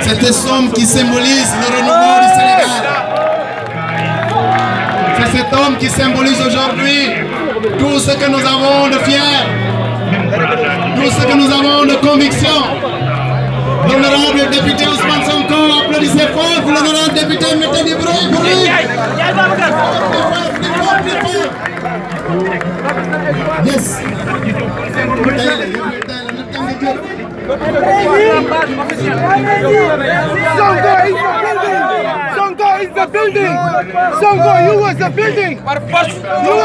cet somme qui symbolise le renouveau du Sénégal. C'est cet homme qui symbolise aujourd'hui tout ce que nous avons de fier, tout ce que nous avons de conviction. L'honorable député Ousmane Sonko, applaudissez fort pour l'honorable député, mettez du Yes. Songo is the building! Songo, you was the building! You was